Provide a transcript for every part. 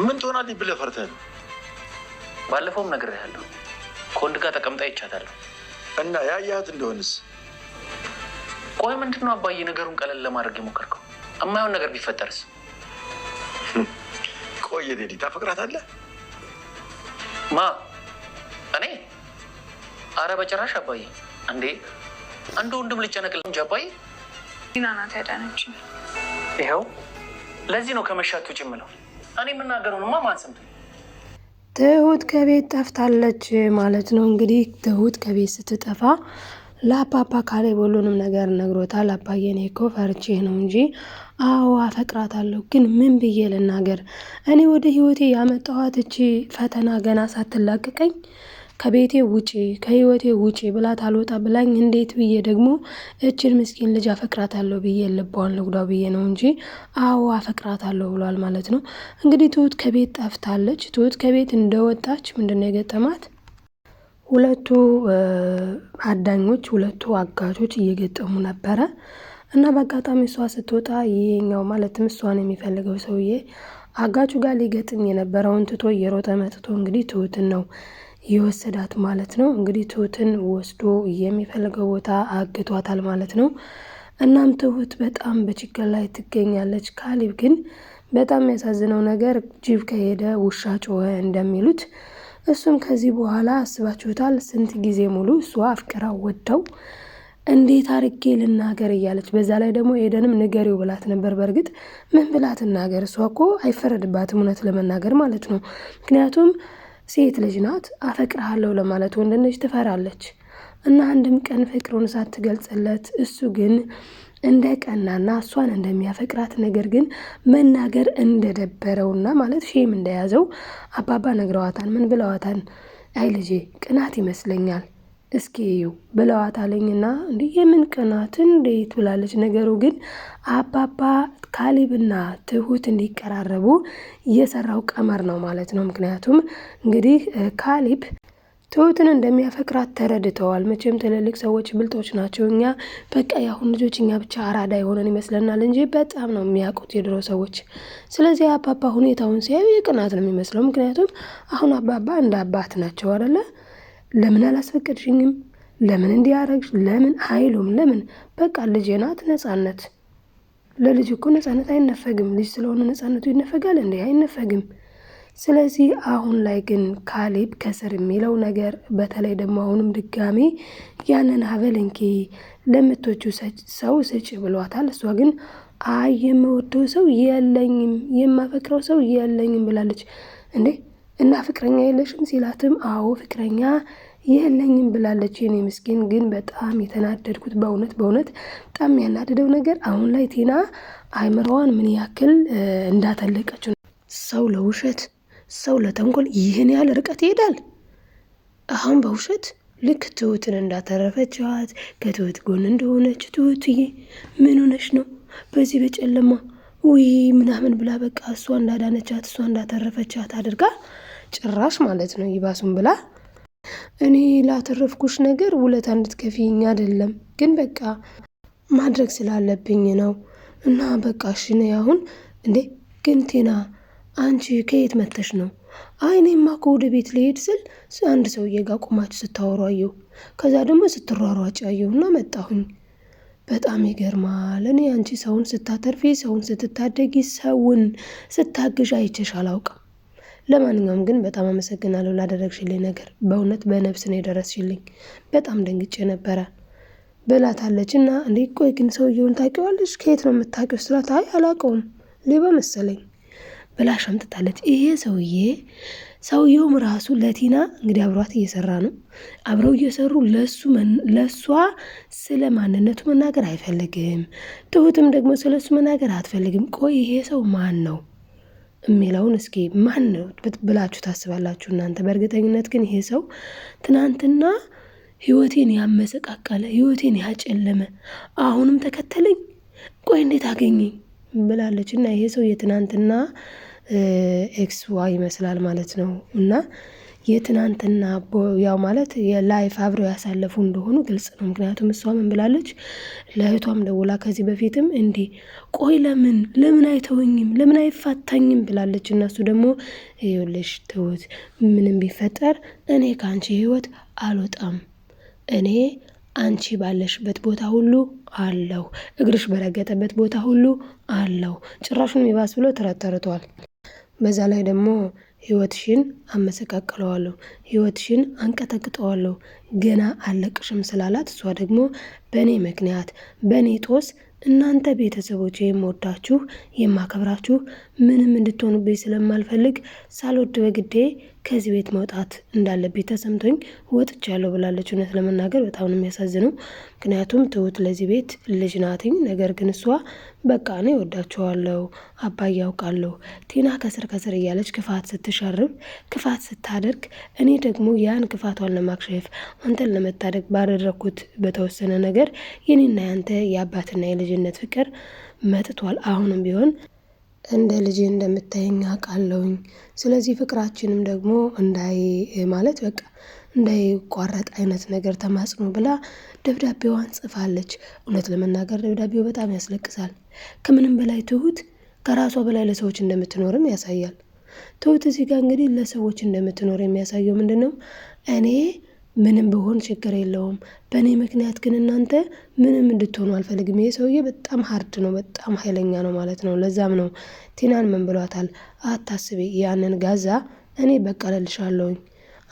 ምን ትሆናለች ብለህ ፈርተህ ነው? ባለፈውም ነግሬሃለሁ። ከወንድ ጋር ተቀምጣ ይቻታለሁ እና ያያት እንደሆንስ? ቆይ ምንድን ነው አባዬ ነገሩን ቀለል ለማድረግ የሞከርከው? እማይሆን ነገር ቢፈጠርስ? ቆይ ዴዲ ታፈቅራታለህ? ማ እኔ? አረ በጭራሽ አባዬ። እንዴ አንድ ወንድም ልጨነቅልህ እንጂ አባዬ። ዲና ናት ያዳነችኝ። ይኸው ለዚህ ነው ከመሻት ውጭ የምለው እኔ የምናገረውንማ ማን ሰምቶ ትሁት ከቤት ጠፍታለች ማለት ነው። እንግዲህ ትሁት ከቤት ስትጠፋ ለአባባ ካሌብ ሁሉንም ነገር ነግሮታል። አባዬ እኔ እኮ ፈርቼ ነው እንጂ አዎ አፈቅራታለሁ፣ ግን ምን ብዬ ልናገር? እኔ ወደ ህይወቴ ያመጣኋት እቺ ፈተና ገና ሳትላቀቀኝ ከቤቴ ውጪ ከህይወቴ ውጪ ብላት አልወጣ ብላኝ እንዴት ብዬ ደግሞ እችን ምስኪን ልጅ አፈቅራታለሁ ብዬ ልቧን ልጉዳ ብዬ ነው እንጂ አዎ አፈቅራታለሁ ብሏል ማለት ነው። እንግዲህ ትሁት ከቤት ጠፍታለች። ትሁት ከቤት እንደወጣች ምንድነው የገጠማት? ሁለቱ አዳኞች ሁለቱ አጋቾች እየገጠሙ ነበረ እና በአጋጣሚ እሷ ስትወጣ ይሄኛው ማለትም እሷን የሚፈልገው ሰውዬ አጋቹ ጋር ሊገጥም የነበረውን ትቶ እየሮጠ መጥቶ እንግዲህ ትሁትን ነው የወሰዳት ማለት ነው። እንግዲህ ትሁትን ወስዶ የሚፈልገው ቦታ አግቷታል ማለት ነው። እናም ትሁት በጣም በችግር ላይ ትገኛለች። ካሊብ ግን በጣም የሚያሳዝነው ነገር ጅብ ከሄደ ውሻ ጮኸ እንደሚሉት እሱም ከዚህ በኋላ አስባችሁታል፣ ስንት ጊዜ ሙሉ እሷ አፍቅራ ወደው እንዴት አርጌ ልናገር እያለች በዛ ላይ ደግሞ ኤደንም ንገሪው ብላት ነበር። በእርግጥ ምን ብላት እናገር? እሷ እኮ አይፈረድባትም እውነት ለመናገር ማለት ነው ምክንያቱም ሴት ልጅ ናት አፈቅርሃለሁ ለማለት ወንድ ልጅ ትፈራለች እና አንድም ቀን ፍቅሩን ሳትገልጽለት እሱ ግን እንደ ቀናና እሷን እንደሚያፈቅራት ነገር ግን መናገር እንደደበረውና ማለት ሼም እንደያዘው አባባ ነግረዋታል። ምን ብለዋታል? አይ ልጄ ቅናት ይመስለኛል እስኪ እዩ ብለዋት አለኝና እንዲ የምን ቅናት እንዴት ብላለች። ነገሩ ግን አባባ ካሊብና ትሁት እንዲቀራረቡ የሰራው ቀመር ነው ማለት ነው። ምክንያቱም እንግዲህ ካሊብ ትሁትን እንደሚያፈቅራት ተረድተዋል። መቼም ትልልቅ ሰዎች ብልጦች ናቸው። እኛ በቃ የአሁን ልጆች እኛ ብቻ አራዳ የሆነን ይመስለናል እንጂ በጣም ነው የሚያውቁት የድሮ ሰዎች። ስለዚህ አባባ ሁኔታውን ሲያዩ የቅናት ነው የሚመስለው። ምክንያቱም አሁን አባባ እንደ አባት ናቸው አደለ ለምን አላስፈቀድሽኝም? ለምን እንዲያረግሽ? ለምን አይሉም። ለምን በቃ ልጄ ናት። ነጻነት ለልጅ እኮ ነጻነት አይነፈግም። ልጅ ስለሆነ ነጻነቱ ይነፈጋል እንዴ? አይነፈግም። ስለዚህ አሁን ላይ ግን ካሌብ ከስር የሚለው ነገር በተለይ ደግሞ አሁንም ድጋሜ ያንን ሀብል እንኪ ለምቶቹ ሰው ስጭ ብሏታል። እሷ ግን አይ የምወደው ሰው የለኝም፣ የማፈቅረው ሰው የለኝም ብላለች። እንዴ እና ፍቅረኛ የለሽም ሲላትም አዎ ፍቅረኛ የለኝም ብላለች። የኔ ምስኪን ግን በጣም የተናደድኩት በእውነት በእውነት በጣም ያናደደው ነገር አሁን ላይ ቲና አይምሮዋን ምን ያክል እንዳተለቀችው። ሰው ለውሸት ሰው ለተንኮል ይህን ያህል ርቀት ይሄዳል። አሁን በውሸት ልክ ትሁትን እንዳተረፈችዋት ከትሁት ጎን እንደሆነች ትሁትዬ ምን ሆነች ነው በዚህ በጨለማ ውይ ምናምን ብላ በቃ እሷ እንዳዳነቻት እሷ እንዳተረፈቻት አድርጋ ጭራሽ ማለት ነው ይባሱን ብላ እኔ ላተረፍኩሽ ነገር ውለታ እንድትከፊኝ አይደለም፣ ግን በቃ ማድረግ ስላለብኝ ነው። እና በቃ እሺ ነይ አሁን። እንዴ ግን ቴና አንቺ ከየት መተሽ ነው? አይ እኔማ እኮ ወደ ቤት ልሄድ ስል አንድ ሰውዬ ጋር ቁማችሁ ስታወሩ አየሁ። ከዛ ደግሞ ስትሯሯጭ አየሁ እና መጣሁኝ። በጣም ይገርማል። እኔ አንቺ ሰውን ስታተርፊ፣ ሰውን ስትታደጊ፣ ሰውን ስታግዥ አይችሽ አላውቅም። ለማንኛውም ግን በጣም አመሰግናለሁ ላደረግሽልኝ ነገር። በእውነት በነብስ ነው የደረስሽልኝ። በጣም ደንግጬ ነበረ ብላታለች እና እንዴ ቆይ ግን ሰውየውን ታውቂዋለሽ? ከየት ነው የምታውቂው ስላት አይ አላውቀውም ሌባ መሰለኝ ብላ ሸምጥታለች። ይሄ ሰውዬ ሰውየውም ራሱ ለቲና እንግዲህ አብሯት እየሰራ ነው። አብረው እየሰሩ ለሷ ስለ ማንነቱ መናገር አይፈልግም። ትሁትም ደግሞ ስለ እሱ መናገር አትፈልግም። ቆይ ይሄ ሰው ማን ነው የሚለውን እስኪ ማን ነው ብላችሁ ታስባላችሁ እናንተ? በእርግጠኝነት ግን ይሄ ሰው ትናንትና ህይወቴን ያመሰቃቀለ ህይወቴን ያጨለመ አሁንም ተከተለኝ፣ ቆይ እንዴት አገኘኝ ብላለች እና ይሄ ሰው የትናንትና ኤክስዋ ይመስላል ማለት ነው እና የትናንትና ያው ማለት የላይፍ አብረው ያሳለፉ እንደሆኑ ግልጽ ነው። ምክንያቱም እሷ ምን ብላለች ለእህቷም ደውላ ከዚህ በፊትም እንዲህ ቆይ ለምን ለምን አይተወኝም ለምን አይፋታኝም ብላለች። እነሱ ደግሞ ይኸውልሽ ትውት ምንም ቢፈጠር እኔ ከአንቺ ህይወት አልወጣም እኔ አንቺ ባለሽበት ቦታ ሁሉ አለው እግርሽ በረገጠበት ቦታ ሁሉ አለው ጭራሹን ይባስ ብሎ ተረተርቷል። በዛ ላይ ደግሞ ህይወትሽን አመሰቃቅለዋለሁ፣ ህይወትሽን አንቀጠቅጠዋለሁ፣ ገና አለቅሽም ስላላት እሷ ደግሞ በእኔ ምክንያት በእኔ ጦስ እናንተ ቤተሰቦች የምወዳችሁ የማከብራችሁ ምንም እንድትሆኑብኝ ስለማልፈልግ ሳልወድ በግዴ ከዚህ ቤት መውጣት እንዳለብኝ ተሰምቶኝ ወጥቻለሁ ብላለች። እውነት ለመናገር በጣም ነው የሚያሳዝነው። ምክንያቱም ትሁት ለዚህ ቤት ልጅ ናትኝ። ነገር ግን እሷ በቃ እኔ ወዳቸዋለሁ፣ አባዬ ያውቃለሁ፣ ቲና ከስር ከስር እያለች ክፋት ስትሸርብ፣ ክፋት ስታደርግ፣ እኔ ደግሞ ያን ክፋቷን ለማክሸፍ አንተን ለመታደግ ባደረግኩት በተወሰነ ነገር የኔና ያንተ የአባትና የልጅነት ፍቅር መጥቷል። አሁንም ቢሆን እንደ ልጅ እንደምታየኝ አውቃለሁኝ። ስለዚህ ፍቅራችንም ደግሞ እንዳይ ማለት በቃ እንዳይቋረጥ አይነት ነገር ተማጽኖ ብላ ደብዳቤዋን ጽፋለች። እውነት ለመናገር ደብዳቤው በጣም ያስለቅሳል። ከምንም በላይ ትሁት ከራሷ በላይ ለሰዎች እንደምትኖርም ያሳያል። ትሁት እዚህ ጋር እንግዲህ ለሰዎች እንደምትኖር የሚያሳየው ምንድነው? እኔ ምንም ብሆን ችግር የለውም። በእኔ ምክንያት ግን እናንተ ምንም እንድትሆኑ አልፈልግም። ይሄ ሰውዬ በጣም ሀርድ ነው፣ በጣም ኃይለኛ ነው ማለት ነው። ለዛም ነው ቲናን ምን ብሏታል? አታስቢ፣ ያንን ጋዛ እኔ በቀለልሻለሁኝ።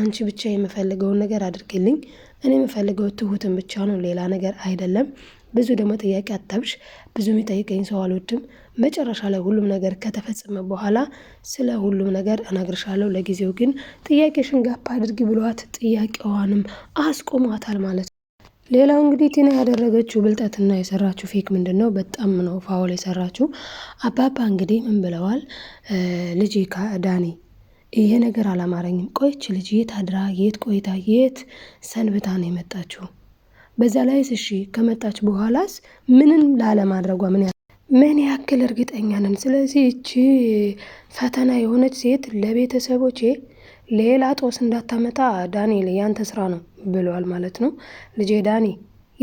አንቺ ብቻ የምፈልገውን ነገር አድርግልኝ። እኔ የምፈልገው ትሁትን ብቻ ነው፣ ሌላ ነገር አይደለም። ብዙ ደግሞ ጥያቄ አታብሽ፣ ብዙ የሚጠይቀኝ ሰው አልወድም። መጨረሻ ላይ ሁሉም ነገር ከተፈጸመ በኋላ ስለ ሁሉም ነገር እነግርሻለሁ፣ ለጊዜው ግን ጥያቄሽን ጋፕ አድርጊ ብሏት ጥያቄዋንም አስቆሟታል ማለት ነው። ሌላው እንግዲህ ቲና ያደረገችው ብልጠትና የሰራችው ፌክ ምንድን ነው? በጣም ነው ፋውል የሰራችው። አባባ እንግዲህ ምን ብለዋል? ልጅ ዳኒ ይሄ ነገር አላማረኝም። ቆይች ልጅ የት አድራ የት ቆይታ የት ሰንብታ ነው የመጣችው? በዛ ላይስ እሺ ከመጣች በኋላስ ምንም ላለማድረጓ ምን ምን ያክል እርግጠኛ ነን? ስለዚህ እቺ ፈተና የሆነች ሴት ለቤተሰቦቼ ሌላ ጦስ እንዳታመጣ ዳንኤል ያንተ ስራ ነው ብለዋል ማለት ነው። ልጄ ዳኒ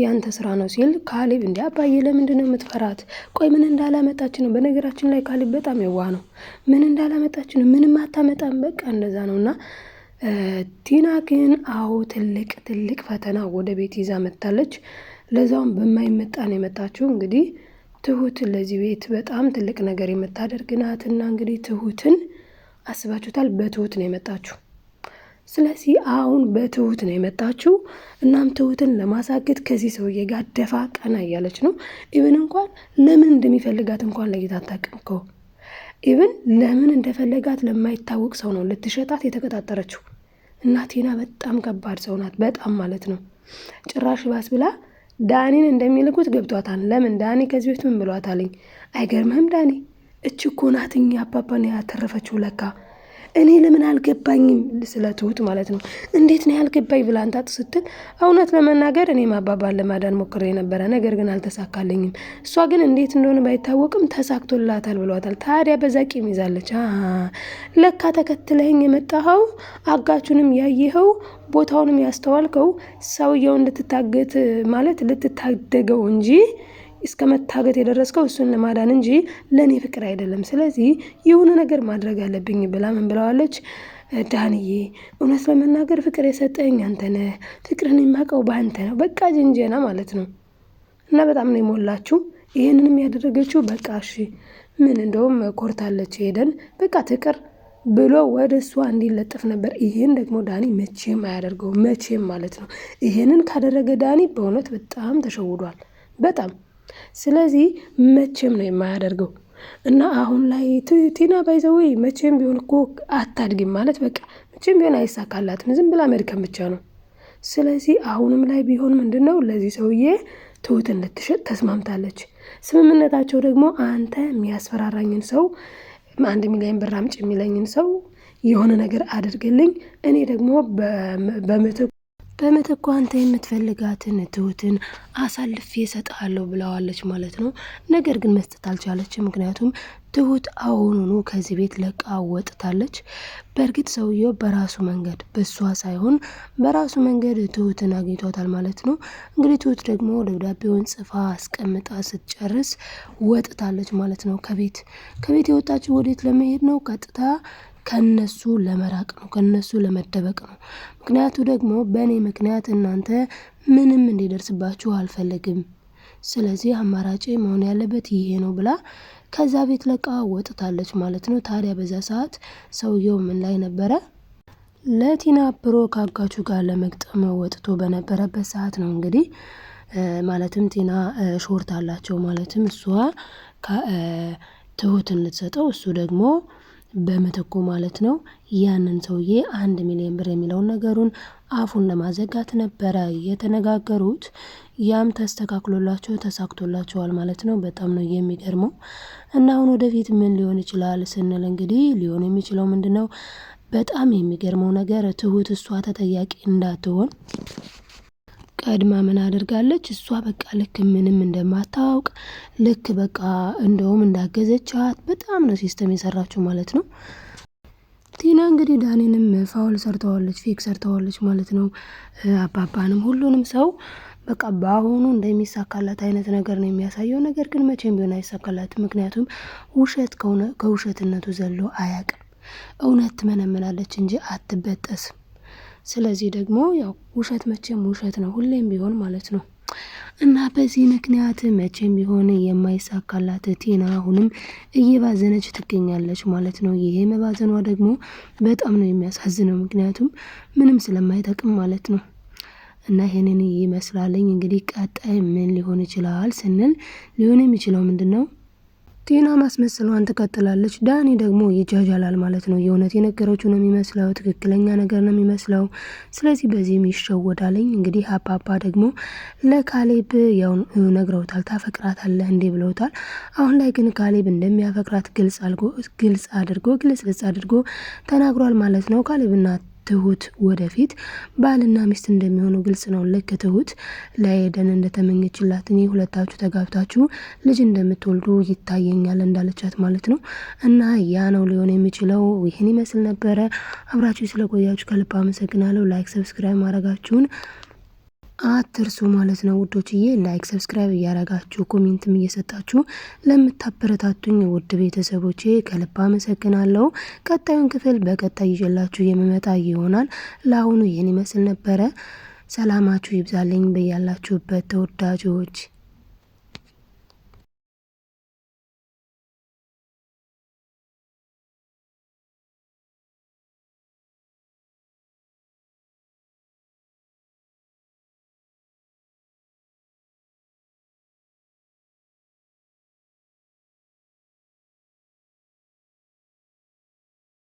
ያንተ ስራ ነው ሲል ካሊብ እንዲ አባዬ ለምንድን ነው የምትፈራት? ቆይ ምን እንዳላመጣች ነው። በነገራችን ላይ ካሊብ በጣም የዋህ ነው። ምን እንዳላመጣች ነው፣ ምንም አታመጣም። በቃ እንደዛ ነው እና ቲና ግን አዎ ትልቅ ትልቅ ፈተና ወደ ቤት ይዛ መጥታለች። ለዛውም በማይመጣ ነው የመጣችው። እንግዲህ ትሁት ለዚህ ቤት በጣም ትልቅ ነገር የምታደርግ ናት እና እንግዲህ ትሁትን አስባችሁታል። በትሁት ነው የመጣችሁ። ስለዚህ አሁን በትሁት ነው የመጣችው። እናም ትሁትን ለማሳገድ ከዚህ ሰውዬ ጋር ደፋ ቀና እያለች ነው። ኢብን እንኳን ለምን እንደሚፈልጋት እንኳን ለይታ አታውቅም እኮ ኢብን ለምን እንደፈለጋት ለማይታወቅ ሰው ነው ልትሸጣት የተቀጣጠረችው። እናቴና በጣም ከባድ ሰው ናት። በጣም ማለት ነው። ጭራሽ ባስ ብላ ዳኒን እንደሚልኩት ገብቷታል። ለምን ዳኒ ከዚህ በፊት ምን ብሏታለኝ? አይገርምህም ዳኒ እች እኮ አባባን ያተረፈችው ለካ እኔ ለምን አልገባኝም ስለ ትሁት ማለት ነው። እንዴት ነው ያልገባኝ ብላ አንታጥ ስትል እውነት ለመናገር እኔም አባባን ለማዳን ሞክሬ ነበረ፣ ነገር ግን አልተሳካልኝም። እሷ ግን እንዴት እንደሆነ ባይታወቅም ተሳክቶላታል ብሏታል። ታዲያ በዛ ቂም ይዛለች። ለካ ተከትለህኝ የመጣኸው አጋቹንም ያየኸው ቦታውንም ያስተዋልከው ሰውየው እንድትታገት ማለት ልትታደገው እንጂ እስከ መታገት የደረስከው እሱን ለማዳን እንጂ ለእኔ ፍቅር አይደለም። ስለዚህ የሆነ ነገር ማድረግ አለብኝ ብላ ምን ብለዋለች? ዳንዬ እውነት ለመናገር ፍቅር የሰጠኝ አንተ ነህ። ፍቅርን የማውቀው በአንተ ነው። በቃ ጅንጀና ማለት ነው። እና በጣም ነው የሞላችሁ። ይህንንም ያደረገችው በቃ እሺ፣ ምን እንደውም ኮርታለች። ሄደን በቃ ትቅር ብሎ ወደ እሷ እንዲለጠፍ ነበር። ይህን ደግሞ ዳኒ መቼም አያደርገው መቼም ማለት ነው። ይህንን ካደረገ ዳኒ በእውነት በጣም ተሸውዷል። በጣም ስለዚህ መቼም ነው የማያደርገው እና አሁን ላይ ቲና ባይዘዌ መቼም ቢሆን እኮ አታድግም ማለት በቃ መቼም ቢሆን አይሳካላትም። ዝም ብላ መድከም ብቻ ነው። ስለዚህ አሁንም ላይ ቢሆን ምንድን ነው ለዚህ ሰውዬ ትሁት እንድትሸጥ ተስማምታለች። ስምምነታቸው ደግሞ አንተ የሚያስፈራራኝን ሰው አንድ ሚሊዮን ብር አምጪ የሚለኝን ሰው የሆነ ነገር አድርግልኝ፣ እኔ ደግሞ በምትኩ በምትኩ አንተ የምትፈልጋትን ትሁትን አሳልፌ እሰጥሃለሁ ብለዋለች ማለት ነው። ነገር ግን መስጠት አልቻለች። ምክንያቱም ትሁት አሁኑኑ ከዚህ ቤት ለቃ ወጥታለች። በእርግጥ ሰውየው በራሱ መንገድ በሷ ሳይሆን በራሱ መንገድ ትሁትን አግኝቷታል ማለት ነው። እንግዲህ ትሁት ደግሞ ደብዳቤውን ጽፋ አስቀምጣ ስትጨርስ ወጥታለች ማለት ነው። ከቤት ከቤት የወጣችው ወዴት ለመሄድ ነው? ቀጥታ ከነሱ ለመራቅ ነው፣ ከነሱ ለመደበቅ ነው። ምክንያቱ ደግሞ በእኔ ምክንያት እናንተ ምንም እንዲደርስባችሁ አልፈልግም ስለዚህ አማራጭ መሆን ያለበት ይሄ ነው ብላ ከዛ ቤት ለቃ ወጥታለች ማለት ነው። ታዲያ በዛ ሰዓት ሰውየው ምን ላይ ነበረ? ለቲና ብሮ ከአጋቹ ጋር ለመግጠም ወጥቶ በነበረበት ሰዓት ነው እንግዲህ ማለትም ቲና ሾርት አላቸው ማለትም እሷ ትሁት ልትሰጠው እሱ ደግሞ በምትኩ ማለት ነው ያንን ሰውዬ አንድ ሚሊዮን ብር የሚለውን ነገሩን አፉን ለማዘጋት ነበረ የተነጋገሩት። ያም ተስተካክሎላቸው ተሳክቶላቸዋል ማለት ነው። በጣም ነው የሚገርመው። እና አሁን ወደፊት ምን ሊሆን ይችላል ስንል እንግዲህ ሊሆን የሚችለው ምንድን ነው? በጣም የሚገርመው ነገር ትሁት እሷ ተጠያቂ እንዳትሆን ቀድማ ምን አድርጋለች? እሷ በቃ ልክ ምንም እንደማታውቅ ልክ በቃ እንደውም እንዳገዘቻት በጣም ነው ሲስተም የሰራችው ማለት ነው። ቲና እንግዲህ ዳኔንም ፋውል ሰርተዋለች፣ ፌክ ሰርተዋለች ማለት ነው። አባባንም ሁሉንም ሰው በቃ በአሁኑ እንደሚሳካላት አይነት ነገር ነው የሚያሳየው። ነገር ግን መቼም ቢሆን አይሳካላት። ምክንያቱም ውሸት ከውሸትነቱ ዘሎ አያውቅም። እውነት ትመነምናለች እንጂ አትበጠስም። ስለዚህ ደግሞ ያው ውሸት መቼም ውሸት ነው፣ ሁሌም ቢሆን ማለት ነው። እና በዚህ ምክንያት መቼም ቢሆን የማይሳካላት ቲና አሁንም እየባዘነች ትገኛለች ማለት ነው። ይሄ መባዘኗ ደግሞ በጣም ነው የሚያሳዝነው፣ ምክንያቱም ምንም ስለማይጠቅም ማለት ነው። እና ይሄንን ይመስላለኝ እንግዲህ ቀጣይ ምን ሊሆን ይችላል ስንል ሊሆን የሚችለው ምንድን ነው ቲና ማስመሰሏን ትቀጥላለች። ዳኒ ደግሞ ይጃጃላል ማለት ነው። የእውነት የነገረችው ነው የሚመስለው፣ ትክክለኛ ነገር ነው የሚመስለው። ስለዚህ በዚህም ይሸወዳለኝ። እንግዲህ አባባ ደግሞ ለካሌብ ያው ነግረውታል፣ ታፈቅራታለህ እንዴ ብለውታል። አሁን ላይ ግን ካሌብ እንደሚያፈቅራት ግልጽ አድርጎ ግልጽ አድርጎ ግልጽ አድርጎ ተናግሯል ማለት ነው። ካሌብና ትሁት ወደፊት ባልና ሚስት እንደሚሆኑ ግልጽ ነው። ልክ ትሁት ለኤደን እንደተመኘችላት እኔ ሁለታችሁ ተጋብታችሁ ልጅ እንደምትወልዱ ይታየኛል እንዳለቻት ማለት ነው። እና ያ ነው ሊሆን የሚችለው። ይህን ይመስል ነበረ። አብራችሁ ስለቆያችሁ ከልብ አመሰግናለሁ። ላይክ፣ ሰብስክራይብ ማድረጋችሁን አትርሱ ማለት ነው ውዶችዬ። ላይክ ሰብስክራይብ እያረጋችሁ ኮሜንትም እየሰጣችሁ ለምታበረታቱኝ ውድ ቤተሰቦቼ ከልብ አመሰግናለሁ። ቀጣዩን ክፍል በቀጣይ ይዤላችሁ የምመጣ ይሆናል። ለአሁኑ ይህን ይመስል ነበረ። ሰላማችሁ ይብዛልኝ በያላችሁበት ተወዳጆች።